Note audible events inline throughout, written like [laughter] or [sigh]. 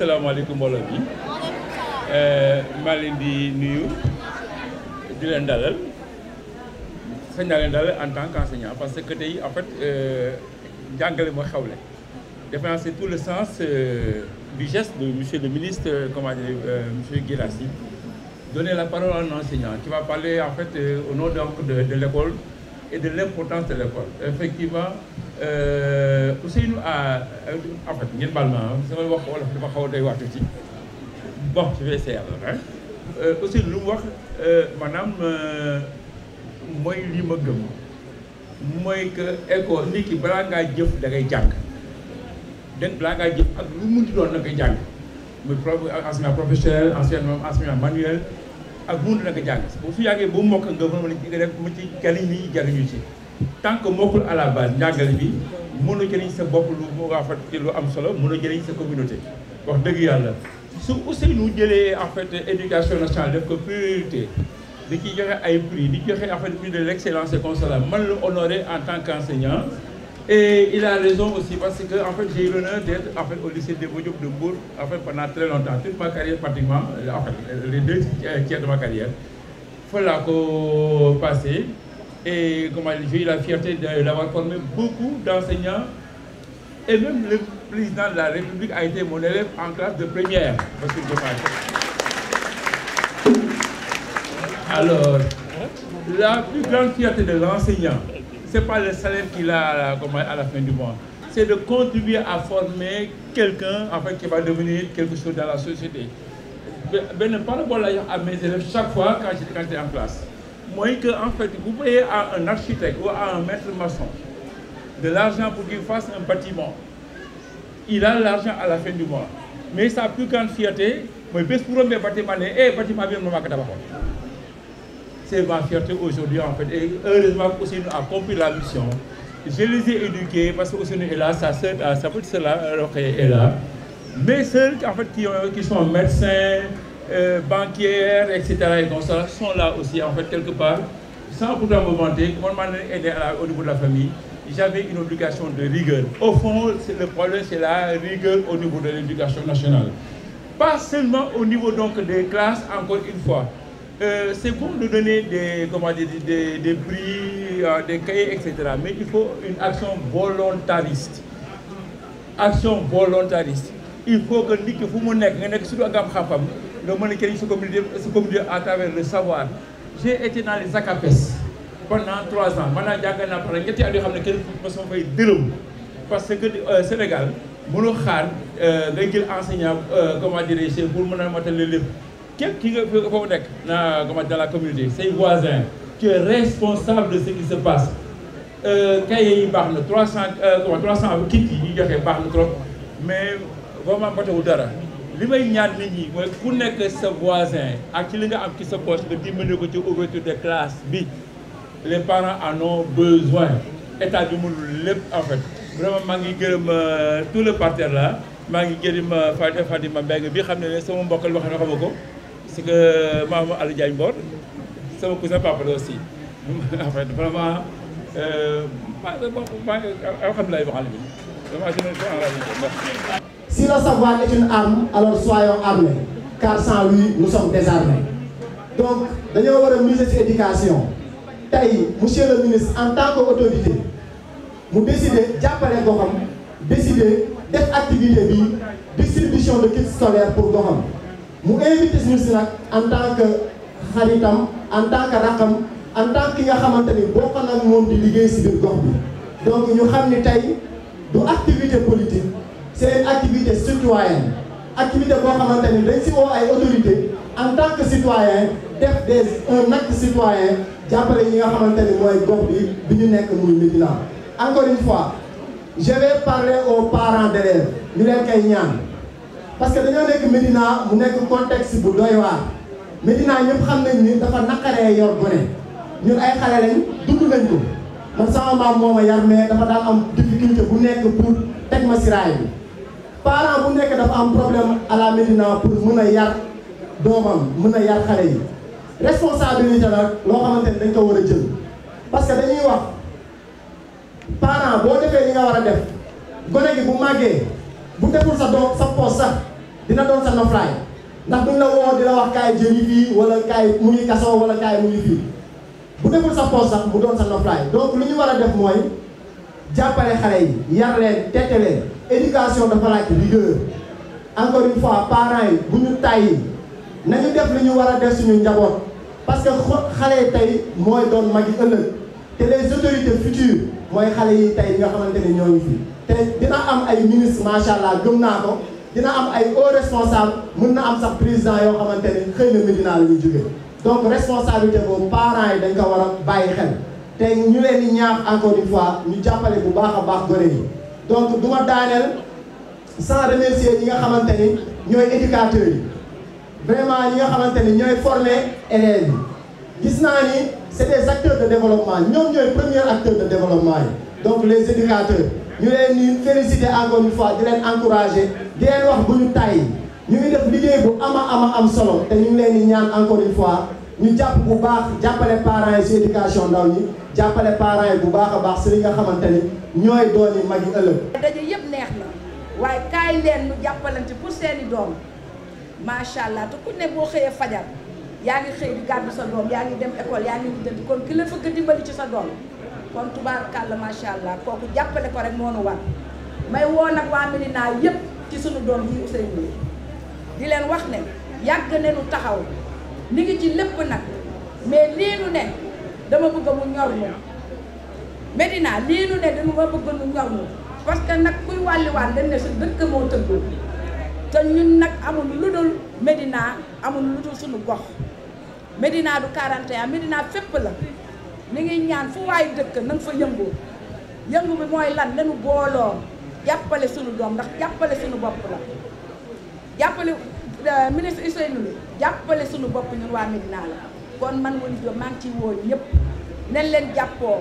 asalaamaaleykum mbooloo bi eh, maa leen di nuyu di leen dalal sañ naa leen dalal en tant qu'enseignant parce que tey en fait euh, jàngale moo xewle defe naa tout le sens euh, du geste de monsieur le ministre euh, comment dire monsieur Guirassy donner la parole à un enseignant qui va parler en fait au nom de l'école et de l'importance de l'école effectivement euh, Ousseynou a en fait ngeen baal samay wax wala dafa xaw a doy waar tuuti bon je vais essayer alors hein Ousseynou euh, lu mu wax euh, maanaam mooy li ma gëm mooy que école nit ki balaa ngaa jëf da ngay jàng dégg balaa ngaa jëf ak lu mu munti doon na jàng muy enseignement professionnel enseignement enseignement manuel ak mën na ko jàng bu su yàggee boo mokk nga mën a def mu ci jariñ li jariñu ci tant que mokkul à la base njàngale bi mën a sa bopp lu mu waa ci lu am solo mën a jëriñ sa communauté wax dëgg yàlla su aussi nu jëlee en fait éducation nationale def ko priorité di ci joxe ay prix di joxe en fait prix de l' excellence et consulat man la honoré en tant qu' enseignant Et il a raison aussi parce que en fait, j'ai eu l'honneur d'être en lycée de Boudjoup de Bourg en fait, pendant très longtemps, toute ma carrière pratiquement, en fait, les deux tiers euh, de ma carrière. Voilà qu'au passé, et comment j'ai eu la fierté d'avoir formé beaucoup d'enseignants et même le président de la République a été mon élève en classe de première. Parce que je Alors, la plus grande fierté de l'enseignant, c'est pas le salaire qu'il a à la fin du mois. C'est de contribuer à former quelqu'un afin qu'il va devenir quelque chose dans la société. Ben, par rapport à mes élèves, chaque fois quand j'étais en classe, moi, que, en fait, vous payez à un architecte ou à un maître maçon de l'argent pour qu'il fasse un bâtiment. Il a l'argent à la fin du mois. Mais sa plus grande fierté, moi, je peux pour un bâtiment, et eh, bâtiment bien, c'est ma fierté aujourd'hui en fait. Et heureusement qu'Ousseynou a compris la mission. Je les ai éduqués parce que Ousseynou est là, sa Mais euh, ceux en fait, qui, euh, qui sont médecins, euh, etc. sont là aussi en fait quelque part. Sans pourtant me vanter, on m'a niveau de la famille. J'avais une obligation de rigueur. Au fond, le problème, c'est la rigueur au niveau de l'éducation nationale. Pas seulement au niveau donc classes, encore une fois, euh, c'est bon de donner des, comment dire, des, des prix, euh, des cahiers, etc. Mais il faut une action volontariste. Action volontariste. Il faut que nit ki fu mu nekk nga nekk surtout ak am xam-xam nga mën a jëriñ sa communauté sa communauté à travers le savoir. J'ai été dans les ACAPES pendant trois ans maanaam jàng naa par ñetti at xam ne kenn mos ma fay dërëm parce que euh, Sénégal mënoo xaar euh, ngay jël enseignant euh, comment dirais-je pour mën a matale lépp. képp ki nga foofu nekk na comment dans la communauté say voisins tu es responsable de ce qui se passe euh, cahier yi baax na trois cent euh, comment trois cent kit yi ñu joxe baax na trop mais vraiment batewul dara li may ñaan nit ñi mooy ku nekk sa voisin ak ci li nga am ci sa poche nga dimbali ko ci ouverture de classe bi les parents en ont besoin état bi mënul lépp en fait vraiment maa ngi gërëm euh, tout le parterre là maa ngi gërëm Fatima Mbengue bi xam ne ne sama mbokk la wax parce que maama Aliou Diagne Mbor [laughs] vraiment euh, maa alhamdulilah bi xaalis bi vraiment je me suis enragé. Si le savoir est une arme alors soyons armés donc dañoo war a miser ci éducation tey monsieur le ministre en tant que autorité mu décider jàppale goxam décider def activité bi distribution de kits scolaires pour goxam. mu invité suñu si nag en tant que xaritam en tant que rakam en tant que ki nga xamante ni bokk nag moom di liggéey si biir gox bi donc ñu xam ni tey du activité politique c'est une activité citoyenne activité boo xamante ni si woo ay autorité en tant que citoyen def des un acte citoyen jàppale yi nga xamante ni mooy gox bi bi ñu nekk muy Médina encore une fois je vais parler aux parents d'élèves ñu leen koy ñaan parce que dañoo nekk Médina mu nekk contexte bu doy waar Médina ñëpp xam nañ ni dafa naqaree yor gone ñun ay xale lañ dund nañ ko man sama maam moo ma yar mais dafa daan am difficulté bu nekk pour teg siraay bi parent bu nekk dafa am problème à la pour mën a yar doomam mën a yar xale yi responsabilité loo xamante ni dañ ko war a jël parce que dañuy wax parent boo defee li nga war a def gone gi bu màggee bu deful sa doom sa poos sax dina doon sa noflaay ndax duñ la woo di wax kaay jëri fii wala kaay mu ngi kaso wala kaay mu ngi fii bu deful sa poos sax mu doon sa noflaay donc lu ñu war a def mooy jàppale xale yi yar leen tette leen éducation dafa laaj rigueur encore une fois yi bu ñu tàyyi nañu def lu ñu war a def suñu njaboot parce que xale yi tey mooy doon magi ëllëg te les autorités futures mooy xale yi tey nga xamante ne ñoo ngi fi te dina am ay ministres macha allah gëm naa dina am ay hauts responsables mën na am sax président yoo xamante ne xëy na Médina la ñu jógee donc responsabilité boobu parents yi dañ ko war a bàyyi xel te ñu leen di ñaax encore une fois ñu jàppale bu baax a baax gone yi donc du ma daaneel sans remercier ñi nga xamante ni ñooy éducateurs yi vraiment ñi nga xamante ni ñooy former élèves yi gis naa ni c'est des acteurs de développement ñoom ñooy premier acteur de développement yi donc les éducateurs ñu leen di féliciter encore une fois di leen encourager di leen wax bu ñu tàyyi ñu ngi def liggéey bu ama ama am solo te ñu leen di ñaan encore une fois ñu jàpp bu baax jàppale parents yi si éducation ndaw ñi jàppale parents yi bu baax a baax si li nga xamante ni ñooy doon yi mag yi ëllëg. daje yëpp neex na waaye kaay leen ñu jàppalante pour seeni doom macha allah te ku ne boo xëyee fajar yaa ngi xëy di gàddu sa doom yaa ngi dem école yaa ngi dëdd kon ki la ci sa doom. kon tubaarkàlla macha allah kooku jàppale ko rek moo nu war may woo nag waa Médina yépp ci sunu doom yi Ousseynou di leen wax ne yàgg ne nu taxaw ni ngi ci lépp nag mais lii nu ne dama bëgg mu ñor ñu Médina lii nu ne dañu ma parce que nag kuy wàlliwaan dañ ne su dëkk moo tëggul te ñun nag amul lu dul Médina amul lu dul sunu gox Médina du 41 Médina fépp la mi ngi ñaan fu waay dëkk na nga fa yëngu yëngu bi mooy lan nañu booloo jàppale suñu doom ndax jàppale suñu bopp la jàppale euh, ministre Ousseynou Ly jàppale suñu bopp ñun waa Médina la kon man Wally Diop maa ngi ciy woo ñëpp nañ leen jàppoo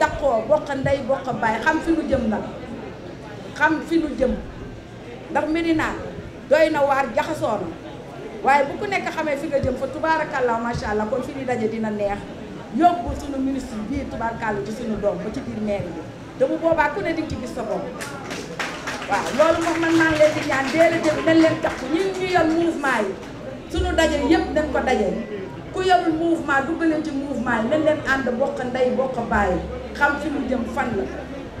takkoo bokk ndey bokk baay xam fi nu jëm nag xam fi nu jëm ndax Médina doy na waar jaxasoo na waaye bu ku nekk xamee fi nga jëm fa tubaarakallaa macha allah kon fi ni daje dina neex yóbbu suñu ministre bii tubarkàlla ci suñu doom ba ci biir maire bi te bu boobaa ku ne di ci gis sa bopp waaw loolu moom man maa ngi leen di ñaan dee la jël leen tax ñu ñu yor mouvement yi suñu daje yëpp dañ ko daje ku yorul mouvement dugg leen ci mouvement yi nañ leen ànd bokk ndey bokk bàyyi xam fi mu jëm fan la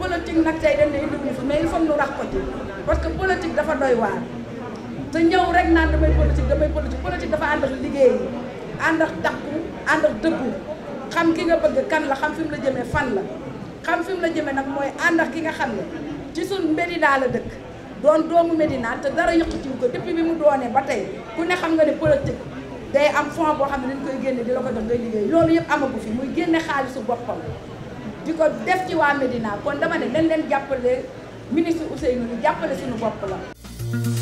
politique nag tey dañ ne indiwuñu fi mais il faut nu rax ko ci parce que politique dafa doy waar te ñëw rek naan damay politique damay politique politique dafa ànd liggéey yi ànd ànd ak xam ki nga bëgg kan la xam fi mu la jëmee fan la xam fi mu la jëmee nag mooy ànd ak ki nga xam ne ci suñ Médina la dëkk doon doomu Médina te dara yëqatiwu ko depuis bi mu doonee ba tey ku ne xam nga ne politique day am fond boo xam ne dañ koy génne di la ko jox ngay liggéey loolu yëpp amagu fi muy génne xaalisu boppam di ko def ci waa Médina kon dama ne nañ leen jàppale ministre Ousseynou ñu jàppale suñu bopp la